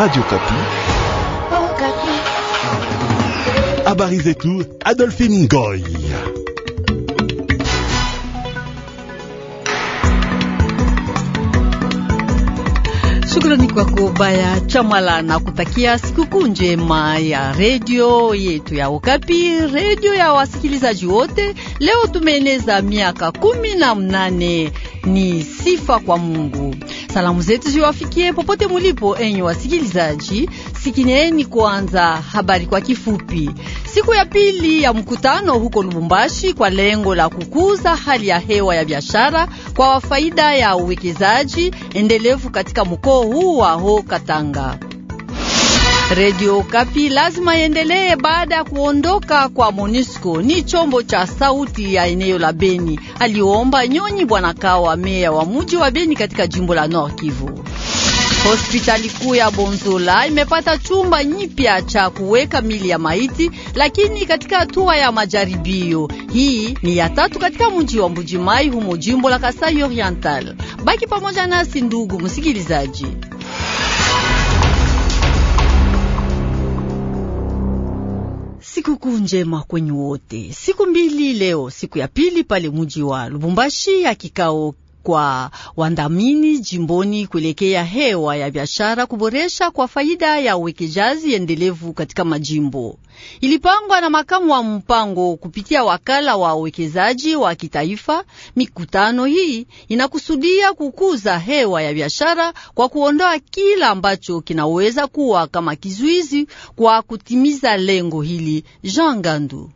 Radio oh, Kapi. Habari zetu Adolphine Ngoy. Shukrani kwako Baya Chamala na kutakia sikukuu njema ya redio yetu ya Okapi, redio ya wasikilizaji wote. Leo tumeeneza miaka kumi na mnane. Ni sifa kwa Mungu. Salamu zetu ziwafikie popote mulipo, enyi wasikilizaji. sikineni kwanza habari kwa kifupi. Siku ya pili ya mkutano huko Lubumbashi kwa lengo la kukuza hali ya hewa ya biashara kwa faida ya uwekezaji endelevu katika mkoa huu wa Haut Katanga. Redio Kapi lazima iendelee baada ya kuondoka kwa Monisco, ni chombo cha sauti ya eneo la Beni, aliomba Nyonyi Bwana Kawa, meya wa muji wa Beni katika jimbo la Nord Kivu. Hospitali kuu ya Bonzola imepata chumba nyipya cha kuweka mili ya maiti, lakini katika hatua ya majaribio. Hii ni ya tatu katika mji wa Mbujimai humo jimbo la Kasai Oriental. Baki pamoja nasi ndugu msikilizaji. Sikukuu njema kwenyu wote. Siku mbili leo, siku ya pili pale muji wa Lubumbashi ya kikao kwa wandamini jimboni kuelekea hewa ya biashara kuboresha kwa faida ya uwekezaji endelevu katika majimbo. Ilipangwa na makamu wa mpango kupitia wakala wa uwekezaji wa kitaifa. Mikutano hii inakusudia kukuza hewa ya biashara kwa kuondoa kila ambacho kinaweza kuwa kama kizuizi kwa kutimiza lengo hili. Jean Gandu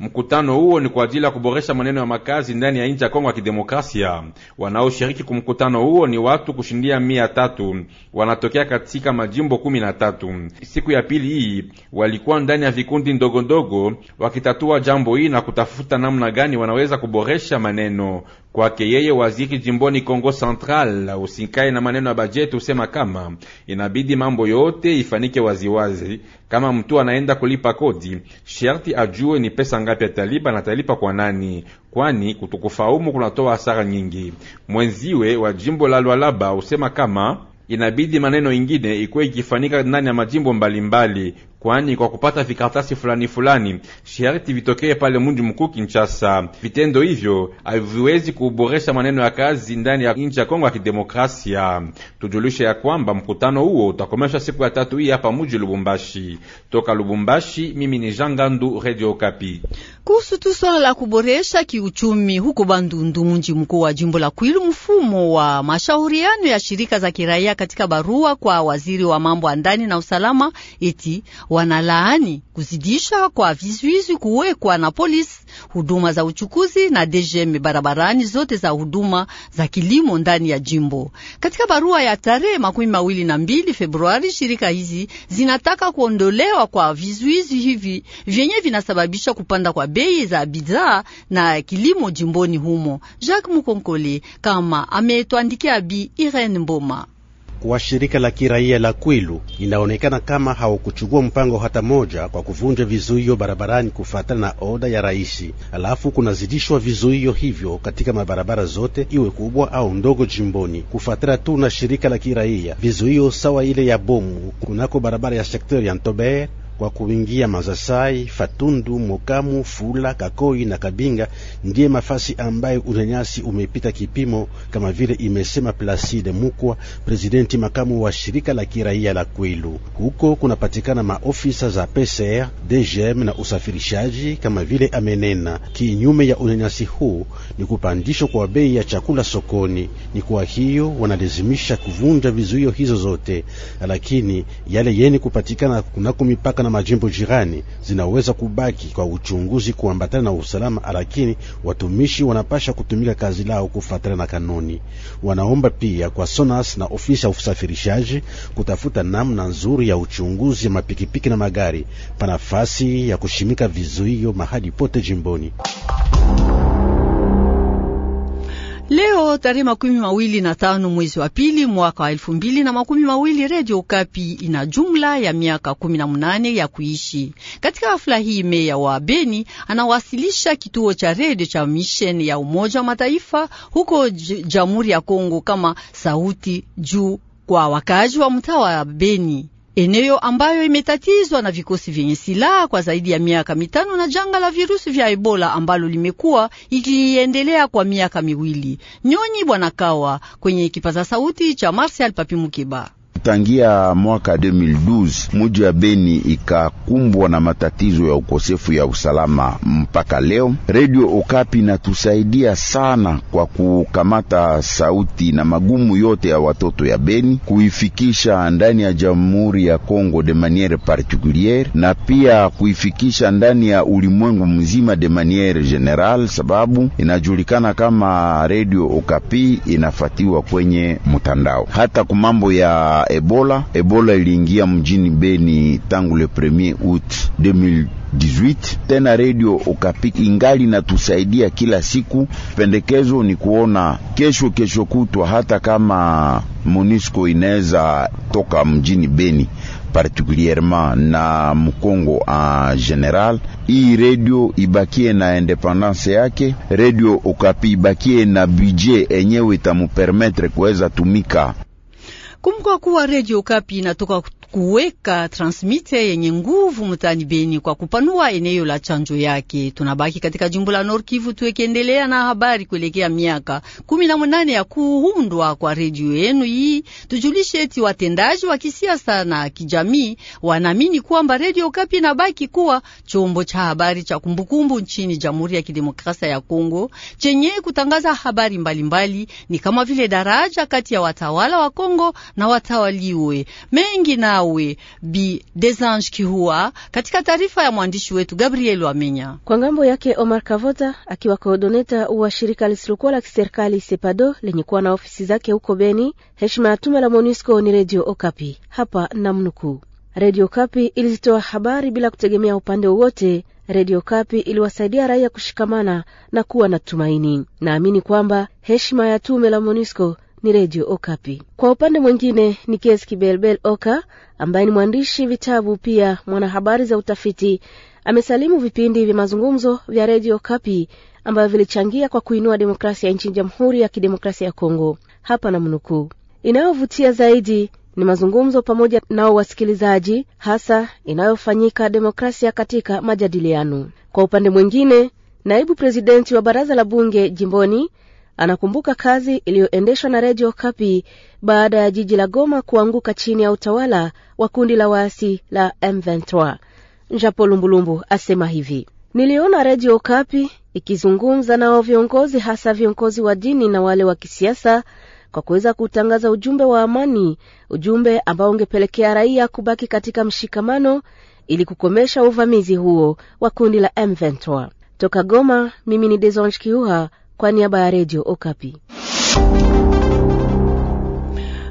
Mkutano huo ni kwa ajili ya kuboresha maneno ya makazi ndani ya nchi ya Kongo ya Kidemokrasia. Wanaoshiriki kumkutano huo ni watu kushindia mia tatu wanatokea katika majimbo kumi na tatu. Siku ya pili hii walikuwa ndani ya vikundi ndogo ndogo wakitatua jambo hii na kutafuta namna gani wanaweza kuboresha maneno kwake yeye waziri jimboni Kongo Central usinkae na maneno ya bajeti, usema kama inabidi mambo yote ifanike waziwazi. Kama mtu anaenda kulipa kodi, sharti ajue ni pesa ngapi atalipa na atalipa kwa nani, kwani kutokufaumu kunatoa hasara nyingi. Mwenziwe wa jimbo la Lwalaba usema kama inabidi maneno ingine ikuwe ikifanika ndani ya majimbo mbalimbali mbali kwani kwa kupata vikaratasi fulani fulani sharti vitokee pale mji mkuu Kinshasa. Vitendo hivyo haviwezi kuboresha maneno ya kazi ndani ya nchi ya Kongo ya Kidemokrasia. Tujulishe ya kwamba mkutano huo utakomeshwa siku ya tatu hii hapa mji Lubumbashi. Toka Lubumbashi, mimi ni Jean Gandu, Radio Kapi. Kuhusu tu swala la kuboresha kiuchumi huko Bandundu, mji mkuu wa jimbo la Kwilu, mfumo wa mashauriano ya shirika za kiraia katika barua kwa waziri wa mambo ya ndani na usalama eti wanalaani kuzidisha kwa vizuizi kuwekwa na polisi, huduma za uchukuzi na DGM barabarani zote za huduma za kilimo ndani ya jimbo. Katika barua ya tarehe makumi mawili na mbili Februari, shirika hizi zinataka kuondolewa kwa vizuizi hivi vyenye vinasababisha kupanda kwa bei za bidhaa na kilimo jimboni humo. Jacques Mukonkole kama ametuandikia Bi Irene Mboma kwa shirika la kiraia la Kwilu inaonekana kama hawakuchukua mpango hata moja kwa kuvunja vizuio barabarani kufuatana na oda ya raisi. Alafu kunazidishwa vizuio hivyo katika mabarabara zote, iwe kubwa au ndogo, jimboni kufuatana tu na shirika la kiraia vizuio sawa ile ya bomu kunako barabara ya sektori ya Ntobere kwa kuingia Mazasai, Fatundu, Mokamu, Fula, Kakoi na Kabinga ndiye mafasi ambayo unyanyasi umepita kipimo, kama vile imesema Placide Mukwa, presidenti makamu wa shirika la kiraia la Kwilu. Huko kunapatikana maofisa za PCR, DGM na usafirishaji, kama vile amenena. Kinyume ya unyanyasi huu ni kupandishwa kwa bei ya chakula sokoni. Ni kwa hiyo wanalazimisha kuvunja vizuio hizo zote, lakini yale yeni kupatikana kunako mipaka na majimbo jirani zinaweza kubaki kwa uchunguzi kuambatana na usalama, lakini watumishi wanapasha kutumika kazi lao kufuatana na kanuni. Wanaomba pia kwa SONAS na ofisi ya usafirishaji kutafuta namna nzuri ya uchunguzi ya mapikipiki na magari pa nafasi ya kushimika vizuio mahali pote jimboni. Leo tarehe makumi mawili na tano mwezi wa pili mwaka wa elfu mbili na makumi mawili Redio Kapi ina jumla ya miaka kumi na mnane ya kuishi. Katika hafla hii, meya wa Beni anawasilisha kituo cha redio cha misheni ya Umoja wa Mataifa huko Jamhuri ya Kongo kama sauti juu kwa wakaaji wa mtaa wa Beni eneo ambayo imetatizwa na vikosi vyenye silaha kwa zaidi ya miaka mitano na janga la virusi vya Ebola ambalo limekuwa ikiendelea kwa miaka miwili. Nyonyi Bwana Kawa kwenye kipaza sauti cha Marsial Papi Mukeba. Tangia mwaka 2012 muji ya Beni ikakumbwa na matatizo ya ukosefu ya usalama mpaka leo. Radio Okapi inatusaidia sana kwa kukamata sauti na magumu yote ya watoto ya Beni kuifikisha ndani ya Jamhuri ya Kongo de maniere particuliere, na pia kuifikisha ndani ya ulimwengu mzima de maniere general, sababu inajulikana kama Radio Okapi inafatiwa kwenye mtandao hata kumambo ya Ebola. Ebola iliingia mjini Beni tangu le août out 18 Tena Radio Okapi ingali natusaidia kila siku. Pendekezo ni kuona kesho, kesho kutwa, hata kama Monisco inaweza toka mjini Beni particulierement na Mkongo en general, hii redio ibakie na independance yake. Redio Okapi ibakie na budget enyewe itamupermetre kuweza tumika. Kumbuka kuwa Radio Kapi inatoka kuweka transmite yenye nguvu mtani Beni kwa kupanua eneo la chanjo yake. Tunabaki katika jimbo la Nord Kivu tukiendelea na habari kuelekea miaka kumi na mnane ya kuundwa kwa redio yenu hii. Tujulishe eti watendaji wa kisiasa na kijamii wanaamini kwamba redio Kapi inabaki kuwa chombo cha habari cha kumbukumbu nchini Jamhuri ya Kidemokrasia ya Kongo chenye kutangaza habari mbalimbali mbali, ni kama vile daraja kati ya watawala wa Kongo na watawaliwe mengi na Nawe Bi Desange Kihua, katika taarifa ya mwandishi wetu Gabriel Wamenya. Kwa ngambo yake Omar Kavota akiwa koordoneta wa shirika lisilokuwa la kiserikali Sepado lenye kuwa na ofisi zake huko Beni. Heshima ya tume la MONUSCO ni Redio Okapi, hapa na mnukuu: Redio Kapi ilizitoa habari bila kutegemea upande wowote. Redio Kapi iliwasaidia raia kushikamana na kuwa na tumaini. Naamini kwamba heshima ya tume la MONUSCO ni Redio Okapi. Kwa upande mwingine ni Kes Kibelbel Oka ambaye ni mwandishi vitabu pia mwanahabari za utafiti, amesalimu vipindi vya mazungumzo vya Redio okapi ambavyo vilichangia kwa kuinua demokrasia nchini Jamhuri ya Kidemokrasia ya Kongo. Hapa na mnukuu, inayovutia zaidi ni mazungumzo pamoja nao wasikilizaji, hasa inayofanyika demokrasia katika majadiliano. Kwa upande mwingine, naibu prezidenti wa baraza la bunge jimboni anakumbuka kazi iliyoendeshwa na redio Kapi baada ya jiji la Goma kuanguka chini ya utawala wa kundi la waasi la M23. Njapo Lumbulumbu asema hivi: niliona redio Kapi ikizungumza nao viongozi, hasa viongozi wa dini na wale wa kisiasa, kwa kuweza kutangaza ujumbe wa amani, ujumbe ambao ungepelekea raia kubaki katika mshikamano ili kukomesha uvamizi huo wa kundi la M23. Toka Goma, mimi ni Desonge Kiuha kwa niaba ya redio Okapi.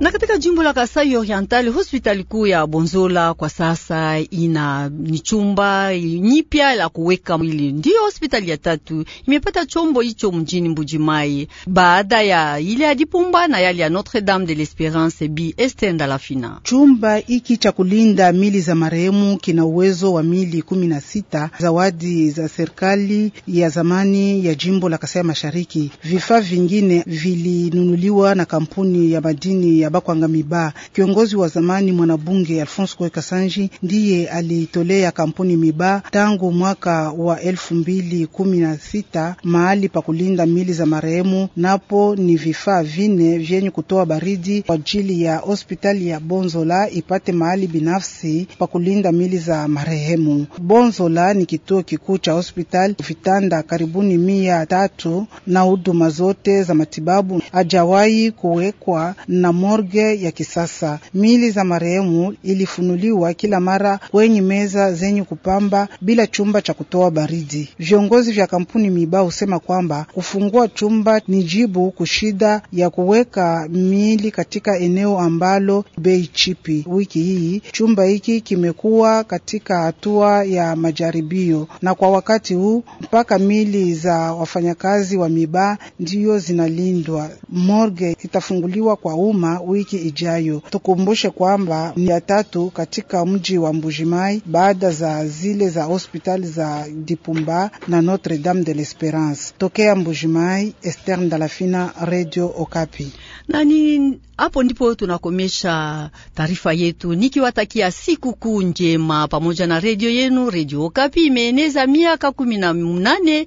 Na katika jimbo la Kasai Oriental, hospitali kuu ya Bonzola kwa sasa ina ni chumba nyipya la kuweka mwili. Ndiyo hospitali ya tatu imepata chombo hicho mjini Mbujimai baada ya ile ya Dipumba na yale ya Notre Dame de l'Esperance. Bi Estenda Lafina, chumba hiki cha kulinda mili za marehemu kina uwezo wa mili kumi na sita, zawadi za serikali ya zamani ya jimbo la Kasai Mashariki. Vifaa vingine vilinunuliwa na kampuni ya madini ya ya Bakwanga Miba. Kiongozi wa zamani mwanabunge Alphonse Kwe Kasanji ndiye aliitolea kampuni Miba tangu mwaka wa elfu mbili kumi na sita mahali pa kulinda mili za marehemu, napo ni vifaa vine vyenye kutoa baridi kwa ajili ya hospitali ya Bonzola ipate mahali binafsi pa kulinda mili za marehemu. Bonzola ni kituo kikuu cha hospitali, vitanda karibuni mia tatu na huduma zote za matibabu. ajawahi kuwekwa na morgue ya kisasa. Mili za marehemu ilifunuliwa kila mara kwenye meza zenye kupamba bila chumba cha kutoa baridi. Viongozi vya kampuni Miba husema kwamba kufungua chumba ni jibu kushida ya kuweka mili katika eneo ambalo bei chipi. Wiki hii chumba hiki kimekuwa katika hatua ya majaribio, na kwa wakati huu mpaka mili za wafanyakazi wa Miba ndiyo zinalindwa. morge itafunguliwa kwa umma wiki ijayo. Tukumbushe kwamba ni ya tatu katika mji wa Mbujimai baada za zile za hospitali za Dipumba na Notre Dame de l'Esperance. Tokea Mbujimai, Esther dalafina Radio Okapi. Nani hapo ndipo tunakomesha taarifa yetu, nikiwatakia siku kuu njema pamoja na redio yenu. Redio Okapi imeeneza miaka kumi na mnane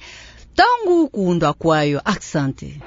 tangu kuundwa kwayo. Aksante.